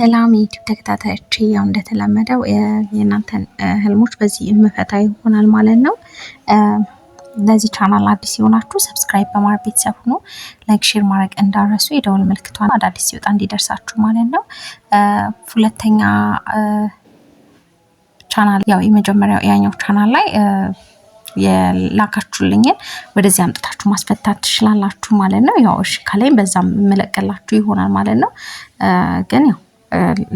ሰላም ዩቲዩብ ተከታታዮች፣ ያው እንደተለመደው የእናንተን ህልሞች በዚህ የምፈታ ይሆናል ማለት ነው። ለዚህ ቻናል አዲስ የሆናችሁ ሰብስክራይብ በማድረግ ቤተሰብ ሁኑ። ላይክ፣ ሼር ማድረግ እንዳረሱ የደወል ምልክቷን አዳዲስ ሲወጣ እንዲደርሳችሁ ማለት ነው። ሁለተኛ ቻናል ያው የመጀመሪያው ያኛው ቻናል ላይ የላካችሁልኝን ወደዚህ አምጥታችሁ ማስፈታት ትችላላችሁ ማለት ነው። ያው እሺ ከላይም በዛም የምለቀላችሁ ይሆናል ማለት ነው ግን ያው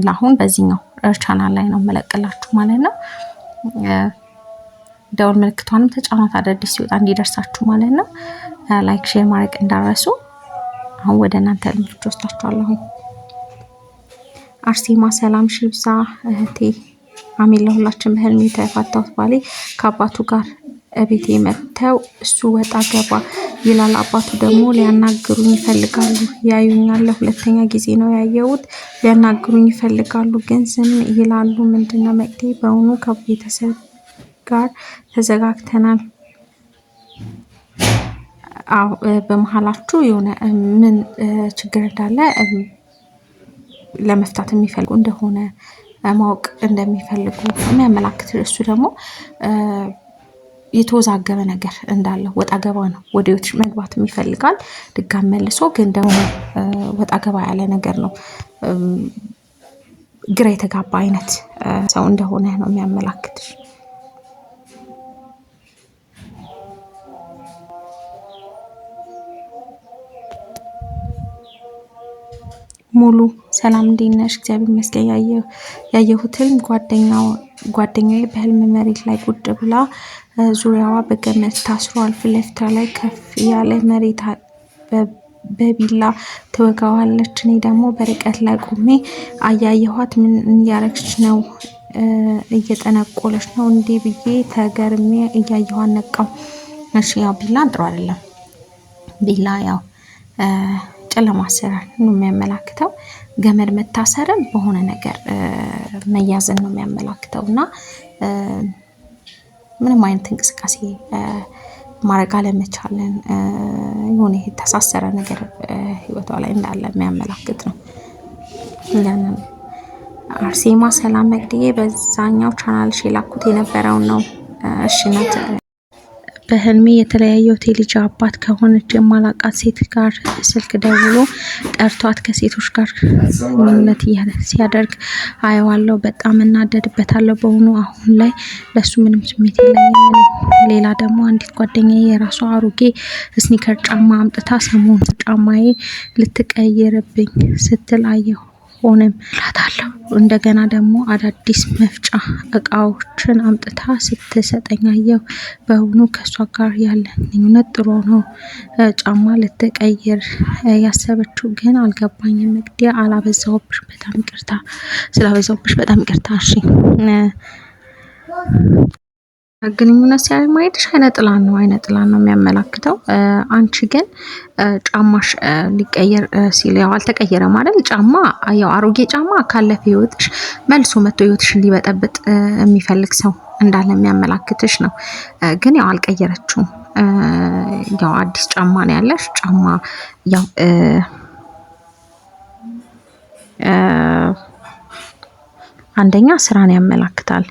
ለአሁን በዚህኛው ቻናል ላይ ነው የምለቅላችሁ ማለት ነው። ደውል ምልክቷንም ተጫኗት፣ አዳዲስ ሲወጣ እንዲደርሳችሁ ማለት ነው። ላይክ፣ ሼር ማድረግ እንዳረሱ። አሁን ወደ እናንተ ልምዶች ወስዳችኋለሁ። አርሴማ ሰላም ሽብዛ እህቴ አሜን። ለሁላችን በህልሜ የተፋታሁት ባሌ ከአባቱ ጋር እቤቴ መጥተው እሱ ወጣ ገባ ይላል። አባቱ ደግሞ ሊያናግሩኝ ይፈልጋሉ። ያዩኛል። ሁለተኛ ጊዜ ነው ያየሁት። ሊያናግሩኝ ይፈልጋሉ ግን ዝም ይላሉ። ምንድነው መቅዴ? በእውኑ ከቤተሰብ ጋር ተዘጋግተናል። በመሀላችሁ የሆነ ምን ችግር እንዳለ ለመፍታት የሚፈልጉ እንደሆነ ማወቅ እንደሚፈልጉ የሚያመላክት እሱ ደግሞ የተወዛገበ ነገር እንዳለ ወጣ ገባ ነው። ወደ ህይወትሽ መግባት ይፈልጋል ድጋም መልሶ፣ ግን ደግሞ ወጣ ገባ ያለ ነገር ነው። ግራ የተጋባ አይነት ሰው እንደሆነ ነው የሚያመላክትሽ። ሙሉ ሰላም እንዴት ነሽ? እግዚአብሔር ይመስገን። ያየሁትን ጓደኛው ጓደኛዬ በህልም መሬት ላይ ቁጭ ብላ፣ ዙሪያዋ በገመድ ታስሯል። ፊት ለፊቷ ላይ ከፍ ያለ መሬት በቢላ ትወጋዋለች። እኔ ደግሞ በርቀት ላይ ቆሜ አያየኋት። ምን እያረግች ነው? እየጠነቆለች ነው እንዴ ብዬ ተገርሜ እያየኋት ነቃው። እሺ ያው ቢላ ጥሩ አይደለም። ቢላ ያው ጨለማ አሰራር ነው የሚያመላክተው። ገመድ መታሰርን በሆነ ነገር መያዝን ነው የሚያመላክተው እና ምንም አይነት እንቅስቃሴ ማድረግ አለመቻልን የሆነ የተሳሰረ ነገር ህይወቷ ላይ እንዳለ የሚያመላክት ነው። ያንን አርሴማ ሰላም መግድዬ በዛኛው ቻናልሽ የላኩት የነበረውን ነው እሽነት በህልሜ የተለያየው የልጅ አባት ከሆነች የማላቃት ሴት ጋር ስልክ ደውሎ ጠርቷት ከሴቶች ጋር ግንኙነት ሲያደርግ አየዋለው በጣም እናደድበታለሁ። በሆኑ አሁን ላይ ለሱ ምንም ስሜት የለኝም። ሌላ ደግሞ አንዲት ጓደኛ የራሷ አሮጌ ስኒከር ጫማ አምጥታ ሰሞኑን ጫማዬ ልትቀይርብኝ ስትል አየሁ። አይሆንም እላታለሁ። እንደገና ደግሞ አዳዲስ መፍጫ እቃዎችን አምጥታ ስትሰጠኝ አየሁ። በእውኑ ከእሷ ጋር ያለን ግንኙነት ጥሩ ነው። ጫማ ልትቀይር ያሰበችው ግን አልገባኝም። መግዲያ አላበዛውብሽ፣ በጣም ይቅርታ ስላበዛውብሽ በጣም ይቅርታ። እሺ ግንኙነት ሲያደርግ ማየትሽ አይነ ጥላን ነው፣ አይነ ጥላን ነው የሚያመላክተው። አንቺ ግን ጫማሽ ሊቀየር ሲል ያው አልተቀየረ ማለት ጫማ ያው አሮጌ ጫማ ካለፈ ህይወትሽ መልሶ መጥቶ ህይወትሽን ሊበጠብጥ የሚፈልግ ሰው እንዳለ የሚያመላክትሽ ነው። ግን ያው አልቀየረችውም። ያው አዲስ ጫማ ነው ያለሽ። ጫማ ያው አንደኛ ስራን ያመላክታል።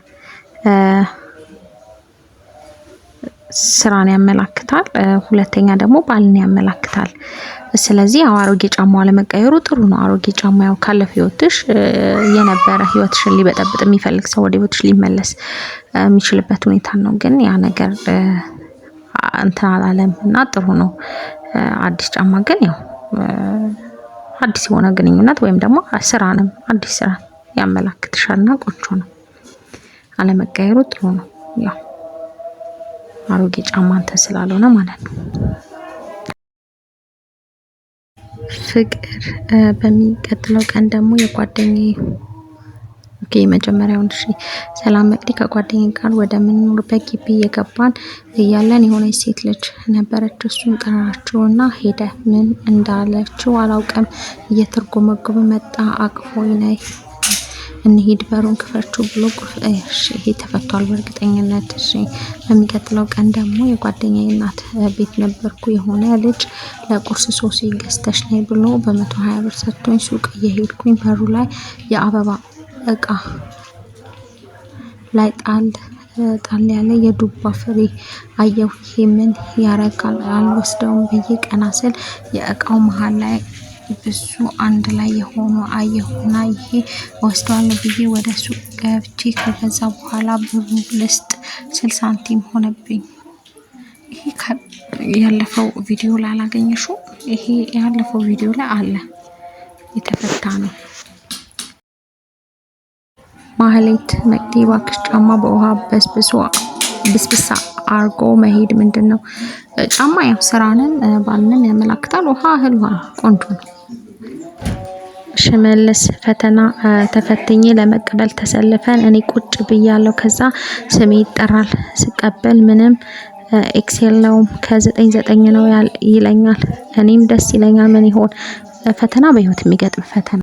ስራን ያመላክታል። ሁለተኛ ደግሞ ባልን ያመላክታል። ስለዚህ ያው አሮጌ ጫማው አለመቀየሩ ጥሩ ነው። አሮጌ ጫማ ያው ካለፈ ህይወትሽ የነበረ ህይወትሽን ሊበጠብጥ የሚፈልግ ሰው ወደ ህይወትሽ ሊመለስ የሚችልበት ሁኔታ ነው። ግን ያ ነገር እንትን አላለም እና ጥሩ ነው። አዲስ ጫማ ግን ያው አዲስ የሆነ ግንኙነት ወይም ደግሞ ስራንም አዲስ ስራ ያመላክትሻልና ቆንጆ ነው። አለመቀየሩ ጥሩ ነው ያው አሮጌ ጫማ እንትን ስላልሆነ ማለት ነው። ፍቅር በሚቀጥለው ቀን ደግሞ የጓደኛ ኦኬ የመጀመሪያውን እሺ። ሰላም መቅዲ ከጓደኛ ጋር ወደ ግቢ እየገባን እያለን የሆነች ሴት ልጅ ነበረች። እሱን ጠራችው እና ሄደ። ምን እንዳለችው አላውቅም። እየተርጎመጎመ መጣ። አቅፎ ነይ እንሂድ በሩን ክፈቹ ብሎ ይሄ ተፈቷል በእርግጠኝነት። እሺ በሚቀጥለው ቀን ደግሞ የጓደኛ እናት ቤት ነበርኩ። የሆነ ልጅ ለቁርስ ሶሲ ገዝተሽ ነይ ብሎ በመቶ ሀያ ብር ሰጥቶኝ ሱቅ እየሄድኩኝ በሩ ላይ የአበባ እቃ ላይ ጣል ጣል ያለ የዱባ ፍሬ አየሁ። ይሄ ምን ያረጋል? አልወስደውም ብዬ ቀና ስል የእቃው መሀል ላይ ብዙ አንድ ላይ የሆኑ አየሁና ይሄ እወስደዋለሁ ብዬ ወደ ሱቅ ገብቼ ከገዛ በኋላ ብሩ ልስጥ ስል ሳንቲም ሆነብኝ። ይሄ ያለፈው ቪዲዮ ላይ አላገኘሽው? ይሄ ያለፈው ቪዲዮ ላይ አለ የተፈታ ነው። ማህሌት መቅዲ እባክሽ ጫማ በውሃ በስብሶ ብስብሳ አርጎ መሄድ ምንድን ነው? ጫማ ያው ስራንን ባልንም ያመላክታል። ውሃ እህል ውሃ ቆንጆ ነው። ሽመልስ ፈተና ተፈትኜ ለመቀበል ተሰልፈን እኔ ቁጭ ብያለሁ። ከዛ ስሜ ይጠራል። ስቀበል ምንም ኤክስ የለውም ከዘጠኝ ዘጠኝ ነው ይለኛል። እኔም ደስ ይለኛል። ምን ይሆን ፈተና በህይወት የሚገጥም ፈተና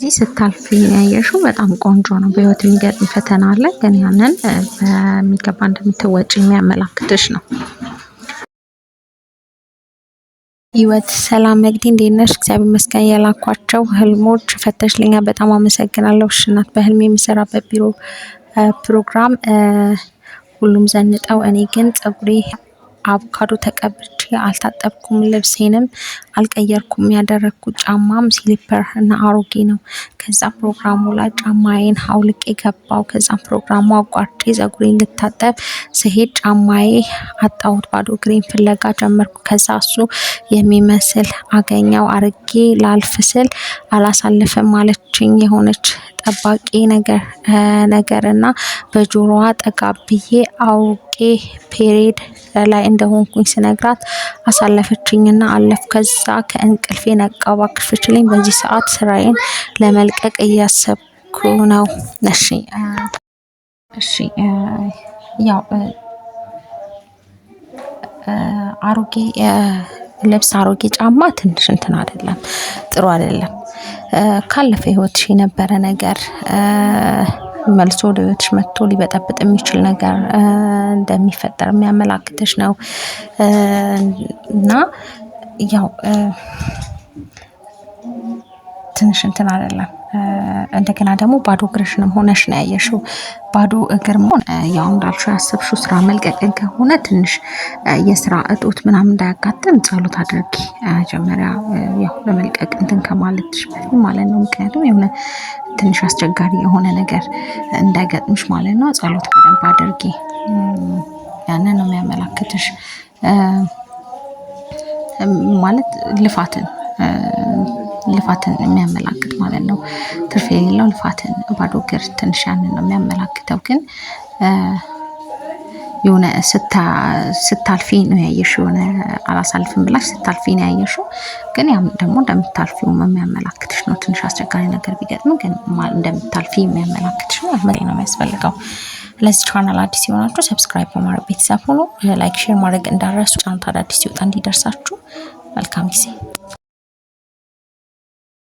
እዚህ ስታልፍ ያየሽው በጣም ቆንጆ ነው። በህይወት የሚገጥም ፈተና አለ፣ ግን ያንን በሚገባ እንደምትወጪ የሚያመላክትሽ ነው። ህይወት ሰላም መግዲ እንዴት ነሽ? እግዚአብሔር ይመስገን። የላኳቸው ህልሞች ፈተሽልኛ። በጣም አመሰግናለሁ። እሺ እናት በህልሜ ቢሮ ፕሮግራም ሁሉም ዘንጠው እኔ ግን ጸጉሬ አቮካዶ ተቀብቼ አልታጠብኩም፣ ልብሴንም አልቀየርኩም። ያደረግኩት ጫማም ሲሊፐር እና አሮጌ ነው። ከዛም ፕሮግራሙ ላይ ጫማዬን አውልቄ ገባው። ከዛም ፕሮግራሙ አቋርጬ ጸጉሬን ልታጠብ ስሄድ ጫማዬ አጣሁት። ባዶ እግሬን ፍለጋ ጀመርኩ። ከዛ እሱ የሚመስል አገኘው አርጌ ላልፍ ስል አላሳልፍም ማለችኝ የሆነች ጠባቂ ነገር ነገር እና በጆሮዋ ጠጋ ብዬ አው ፔሬድ ላይ እንደሆንኩኝ ስነግራት አሳለፈችኝና አለፍ። ከዛ ከእንቅልፌ ነቃ። እባክሽ ፍችልኝ፣ በዚህ ሰዓት ስራዬን ለመልቀቅ እያሰብኩ ነው። እሺ እሺ ያው አሮጌ ልብስ አሮጌ ጫማ ትንሽ እንትን አይደለም፣ ጥሩ አይደለም። ካለፈ ህይወትሽ የነበረ ነገር መልሶ ወደ ቤትሽ መጥቶ ሊበጠብጥ የሚችል ነገር እንደሚፈጠር የሚያመላክትሽ ነው እና ያው ትንሽ እንትን አይደለም። እንደገና ደግሞ ባዶ እግርሽንም ሆነሽ ነው ያየሽው። ባዶ እግር መሆን ያው እንዳልሽው ያሰብሽው ስራ መልቀቅን ከሆነ ትንሽ የስራ እጦት ምናምን እንዳያጋጥም ጸሎት አድርጊ መጀመሪያ፣ ያው ለመልቀቅ እንትን ከማለትሽ በፊት ማለት ነው። ምክንያቱም የሆነ ትንሽ አስቸጋሪ የሆነ ነገር እንዳይገጥምሽ ማለት ነው። ጸሎት በደንብ አድርጊ፣ ያንን ነው የሚያመላክትሽ ማለት ልፋትን ልፋትን የሚያመላክት ማለት ነው። ትርፍ የሌለው ልፋትን ባዶ እግር ትንሽ ያንን ነው የሚያመላክተው። ግን የሆነ ስታልፊ ነው ያየሽ፣ የሆነ አላሳልፍም ብላሽ ስታልፊ ነው ያየሽው። ግን ያም ደግሞ እንደምታልፊው የሚያመላክትሽ ነው። ትንሽ አስቸጋሪ ነገር ቢገጥም ግን እንደምታልፊ የሚያመላክትሽ ነው። ነው የሚያስፈልገው። ለዚህ ቻናል አዲስ የሆናችሁ ሰብስክራይብ በማድረግ ቤተሰብ ሆኖ ላይክ፣ ሼር ማድረግ እንዳረሱ፣ ቻናል አዳዲስ ሲወጣ እንዲደርሳችሁ። መልካም ጊዜ